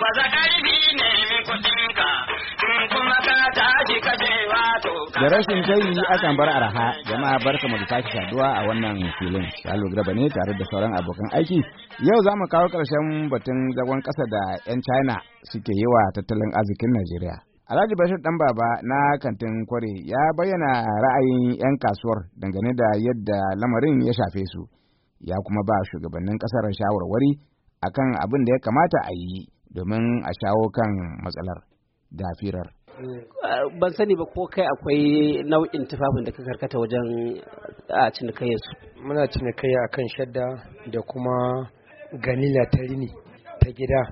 baza ƙarfi ne kuɗinka in kuma ka tashi ka je wato da rashin a akan bar araha jama'a barka kama da tashi saduwa a wannan filin salo graba ne tare da sauran abokan aiki yau za mu kawo ƙarshen batun zagon ƙasa da 'yan china suke yi wa tattalin arzikin najeriya Alhaji Bashir Dan Baba na kantin kware ya bayyana ra'ayin 'yan kasuwar dangane da yadda lamarin ya shafe su, ya kuma ba shugabannin ƙasar shawarwari akan abin da ya kamata a yi domin a shawo kan matsalar da eh, Ban sani ba ko kai akwai nau'in tufafin da ka karkata wajen a cinikayyar su. Muna cinikayya kan shadda da kuma ganila ta rini ta gida.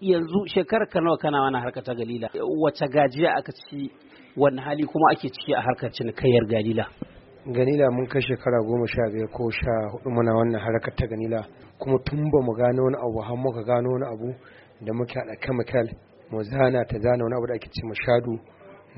Yanzu shekarar ka nawa kana wani harkar ta galila. Wace gajiya aka ci wani hali kuma ake ciki a harkar cinikayyar galila? ganila mun kai shekara goma sha biyar ko sha hudu muna wannan harkar ta ganila kuma tun ba mu gano wani abu har muka gano wani abu da muke haɗa kamikal mu zana ta zana wani abu da ake ce shadu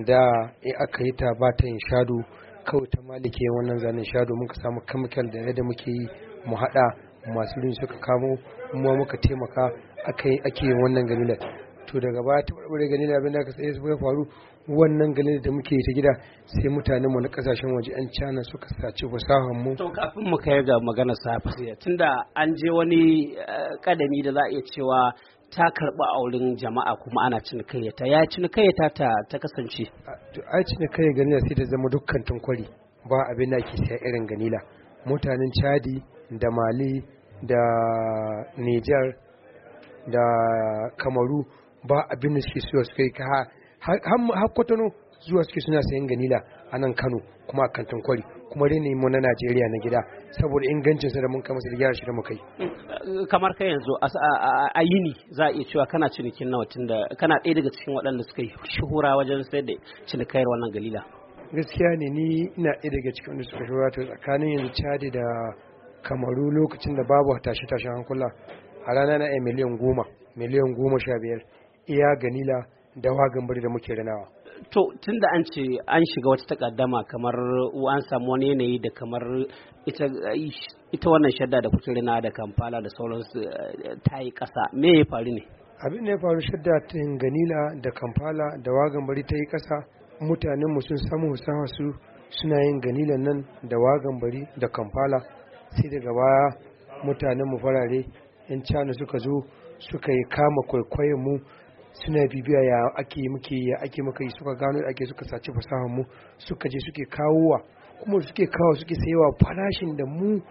da in aka yi ta ba ta yin shadu kawai ta malike wannan zanen shadu muka samu kamikal da yadda muke yi mu haɗa masu rin suka kamo kuma muka taimaka ake yin wannan ganilar to daga baya ta ɓarɓare ganilar abin da aka tsaye suka faru wannan ganin da muke yi ta gida sai mutanen mu na kasashen waje an cana suka saci fasahar mu to kafin mu kai ga magana safiya tunda an je wani kadami eh, da za a iya cewa ta karɓi a wurin jama'a kuma ana cinikayyata ya cinikayyata ta ta kasance to ai cinikayya ganila sai ta zama dukkan tunkwari ba abin da ake sai irin ganila mutanen chadi da mali da niger da kamaru ba abin da suke suwa suka yi har kwatano zuwa suke suna sayan ganila a nan kano kuma a kantin kwari kuma rini mu na Najeriya na gida saboda ingancin sa da mun kama da gyara shi da mu kai kamar kai yanzu a yini za a iya cewa kana cinikin nawa tunda kana ɗaya daga cikin waɗanda suka yi shuhura wajen sayar da cinikayar wannan galila gaskiya ne ni ina ɗaya daga cikin wanda suka shuhura to tsakanin yanzu cadi da Kamaru lokacin da babu tashe-tashen hankula a rana na miliyan goma miliyan goma sha biyar iya ganila da wagan bari da muke ranawa to tun da an ce an shiga wata takaddama kamar an samu wani yanayi da kamar ita, wannan shadda da kuke rina da kamfala da sauransu eh, ta yi ƙasa me ya faru ne abin da ya faru shadda ta ganila da kamfala da wagan bari ta yi ƙasa mutanen mu sun samu husawa su suna yin ganila nan da wagan bari da kamfala sai daga baya mutanen mu farare yan cana suka zo suka yi kama kwaikwayon mu suna bibiya ya ake muke ya ake muka yi suka gano da ake suka saci fasahar mu suka je suke kawowa kuma suke kawo suke sayewa farashin da mu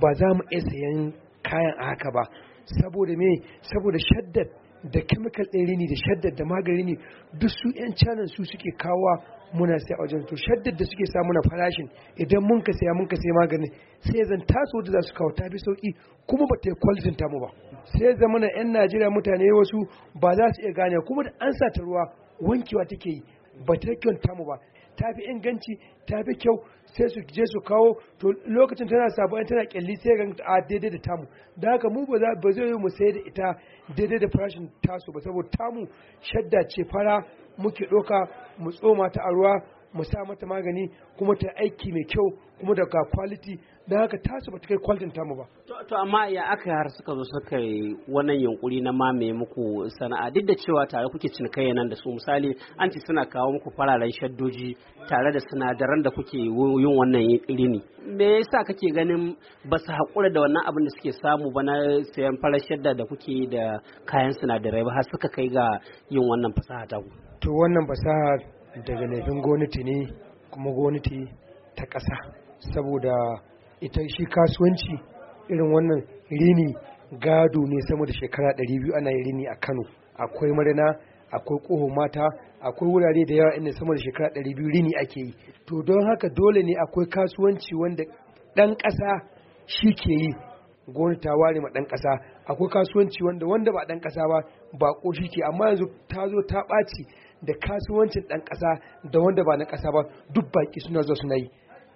ba za mu iya sayan kayan a haka ba saboda me saboda shaddad da chemical ɗin rini da shaddad da magani duk su 'yan canan su suke kawowa muna sai a wajen to shaddar da suke samu na farashin idan mun ka saya mun ka saya maganin sai zan taso da za su kawo ta fi sauki kuma ba ta yi kwalitin tamu ba sai zama na yan najeriya mutane wasu ba za su iya gane kuma da an sa ta ruwa wankewa take yi ba ta kyan tamu ba ta fi inganci ta fi kyau sai su je su kawo to lokacin tana sabuwa tana kyalli sai ga a daidai da tamu da haka mu ba zai yi mu sai da ita daidai da farashin tasu ba saboda tamu shadda ce fara muke ɗauka mu tsoma ta a ruwa mu sa mata magani kuma ta aiki mai kyau kuma daga quality da haka tasu ba ta kai kwalitin mu ba. To amma ya aka har suka zo suka yi wannan yunkuri na mamaye muku sana'a duk da cewa tare kuke cinikayya nan da su misali an ci suna kawo muku fararen shaddoji tare da sinadaran da kuke yin wannan rini. Me yasa kake ganin ba su haƙura da wannan abin da suke samu ba na sayan farar shadda da kuke da kayan sinadarai ba har suka kai ga yin wannan fasaha ta ku? to wannan fasaha daga laifin gwamnati ne kuma gwamnati ta ƙasa saboda ita shi kasuwanci irin wannan rini gado ne sama da shekara 200 ana yi rini a kano akwai marina akwai ƙoho mata akwai wurare da yawa inda sama da shekara 200 rini ake yi to don haka dole ne akwai kasuwanci wanda ɗan ƙasa shi ke yi gwani ta ware ma ɗan ƙasa akwai kasuwanci wanda wanda ba ɗan ƙasa ba ba ko shi ke amma yanzu ta zo ta ɓaci da kasuwancin ɗan ƙasa da wanda ba na ƙasa ba duk baƙi suna zuwa suna yi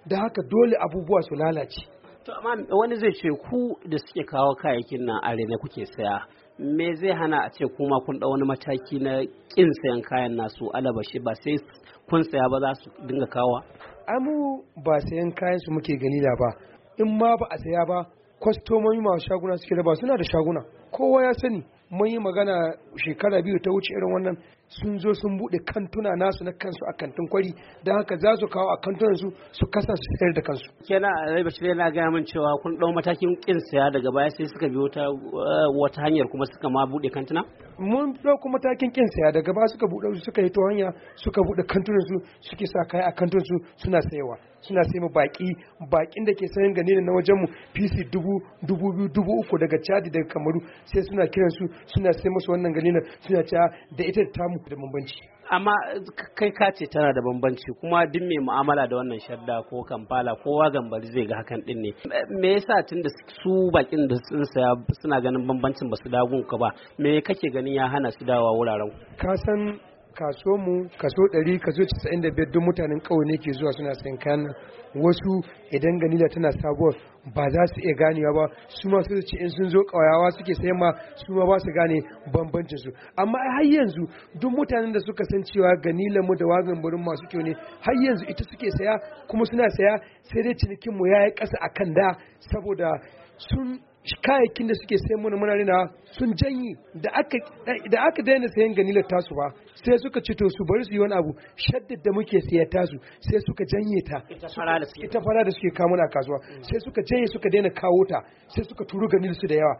da haka dole abubuwa su lalace to amma wani zai ce ku da suke kawo kayayyakin nan ne kuke saya me zai hana a ce kuma kun ɗau wani mataki na ƙin sayan kayan nasu alabashi ba sai kun saya ba za su dinga kawa amu ba sayan kayan su muke da ba in ma ba a saya ba kwastomomi masu shaguna suke da ba suna da shaguna kowa ya sani mun yi magana shekara biyu ta wuce irin wannan sun zo sun bude kantuna nasu na kansu a kantin kwari don haka za su kawo a kantunan su su kasa su sayar da kansu kenan alai bashir yana gaya min cewa kun ɗau matakin ƙin saya daga baya sai suka bi wata eh, wata hanyar kuma suka ma bude kantuna mun ɗauko matakin ƙin saya daga baya suka su suka yi ta hanya suka buɗe kantunan su suke sa kai a kantunansu su suna sayawa suna sai mu baki bakin da ke sayan gani na wajen mu PC dubu dubu biyu dubu uku daga Chad daga Kamaru sai suna kiran su suna sai musu wannan ganina suna cewa da ita ta samu da bambanci amma kai ka ce tana da bambanci kuma duk mai mu'amala da wannan shadda ko kamfala kowa gambari zai ga hakan din ne me yasa tunda su bakin da sun saya suna ganin bambancin ba su dagun ka ba me kake ganin ya hana su dawa wuraren ka san kaso mu kaso 100 kaso 95 duk mutanen ƙauye ne ke zuwa suna sayan kayan wasu idan ganila tana sabuwar ba za su iya ganewa ba su ma su ce in sun zo ƙauyawa suke sayan ma su ma ba su gane bambancin su amma har yanzu duk mutanen da suka san cewa ganila mu da wagan burin masu kyau ne har yanzu ita suke saya kuma suna saya sai dai cinikin mu yayi ƙasa akan da saboda sun kayayyakin da suke sayan mana muna rina sun janyi da aka daina sayan ganilar tasu ba sai suka ci to su bari su yi wani abu shaddad da muke saya tasu sai suka janye ta ita fara da suke kamuna mana kasuwa mm. sai suka janye suka daina kawo ta sai suka turu ganilar su da yawa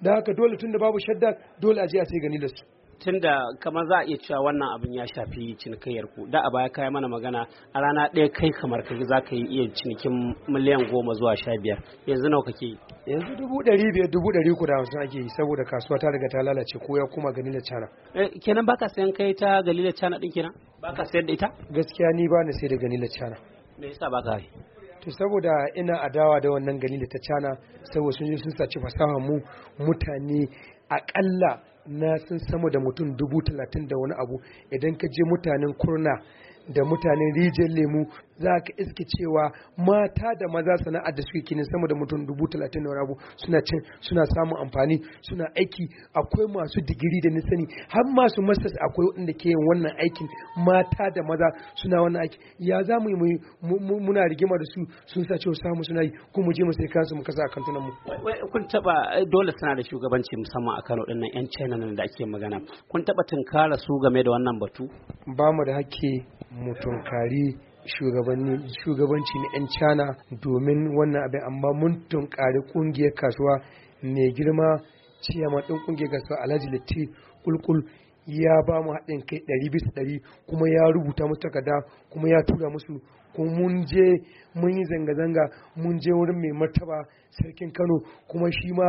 da haka dole tun da babu shadda dole a je a sai ganilar su tunda kamar za a iya cewa wannan abin ya shafi cinikayyar ku da a baya kai mana magana a rana ɗaya kai kamar kai za ka iya cinikin miliyan goma zuwa sha biyar yanzu nawa kake yi yanzu dubu ɗari biyar dubu ɗari ku da hamsin ake yi saboda kasuwa ta riga ta lalace ko ya kuma da cana kenan baka sayan kai ta da cana din kenan Ba ka sayar da ita gaskiya ni ba na sai da galila cana me yasa ba ka yi to saboda ina adawa da wannan da ta cana saboda sun je sun saci fasahar mu mutane akalla na sun sama da mutum dubu talatin da wani abu idan ka je mutanen kurna da mutanen rijiyar lemu za ka iske cewa mata da maza sana'ar da suke kinin sama da mutum dubu talatin da rabu suna cin suna samun amfani suna aiki akwai masu digiri da nisani har masu masters akwai waɗanda ke yin wannan aikin mata da maza suna wannan aiki ya za mu yi muna rigima da su sun sa cewa samu suna yi ko mu je mu sai kansu mu kasa a kantunan mu. kun taba eh, dole suna da shugabanci musamman a Kano ɗinnan 'yan China nan da ake magana kun taba tunkara su game da wannan batu. ba mu da hakki mu tunkari shugabanci na 'yan cana domin wannan abin amma mun tunkari kungiyar kasuwa mai girma ciyama ɗin kungiyar kasuwa alhaji litti kulkul ya ba mu haɗin kai ɗari bisa ɗari kuma ya rubuta musu takarda kuma ya tura musu ko mun je mun yi zanga-zanga mun je wurin mai martaba sarkin kano kuma shi ma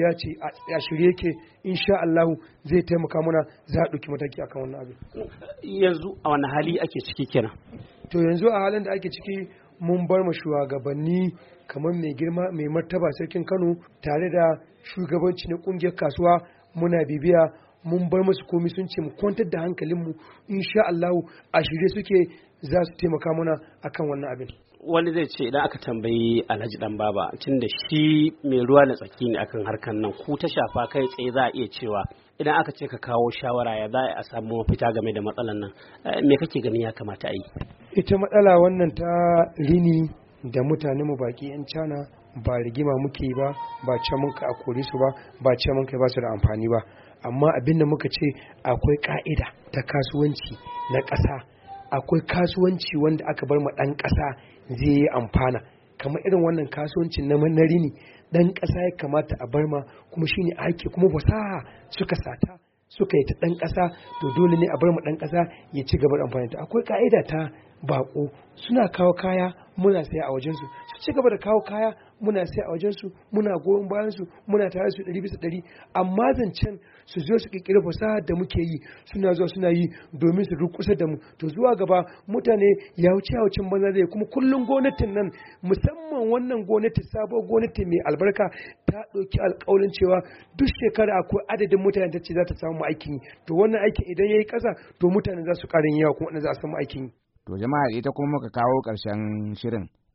ya ce a shirye ke insha Allahu zai taimaka mana za a ɗauki mataki a wannan abin yanzu a wani hali ake ciki kenan to yanzu a halin da ake ciki mun bar ma shugabanni kamar mai girma mai martaba sarkin kano tare da shugabanci na kungiyar kasuwa muna bibiya mun bar musu komi sun ce mu kwantar da hankalinmu insha Allahu a shirye suke za su taimaka mana kan wannan abin wani zai ce idan aka tambayi alhaji dan baba tun da shi mai ruwa na tsaki ne akan harkar nan ku ta shafa kai tsaye za a iya cewa idan aka ce ka kawo shawara ya za a samu mafita game da matsalan nan eh, me kake ganin ya kamata a yi ita matsala wannan ta rini da mutane mu baki yan cana ba rigima muke ba ba ce mun ka kore su ba ba ce mun kai ba su da amfani ba amma abin da muka ce akwai ka'ida ta kasuwanci na ƙasa akwai kasuwanci wanda aka bar ma ɗan ƙasa zai yi amfana kamar irin wannan kasuwancin na manari ne ɗan ƙasa ya kamata a bar ma kuma shi shine ake kuma fasaha suka sata suka yi ta ɗan ƙasa to dole ne a bar ma ɗan ƙasa ya ci gaba da amfani ta akwai ka'ida ta baƙo suna kawo kaya muna saya a wajensu su ci gaba da kawo kaya muna sai a wajensu muna goyon bayansu muna tare su ɗari bisa ɗari amma zancen su zo su ƙirƙiri fasaha da muke yi suna zuwa suna yi domin su rukusa da mu to zuwa gaba mutane ya wuce wucin banza zai kuma kullum gwamnatin nan musamman wannan gwamnati sabuwar gwamnati mai albarka ta ɗauki alƙawarin cewa duk shekara akwai adadin mutane ta ce za ta samu aikin yi to wannan aikin idan ya yi ƙasa to mutane za su ƙarin yawa kuma za a samu aikin yi. to jama'a ita kuma muka kawo ƙarshen shirin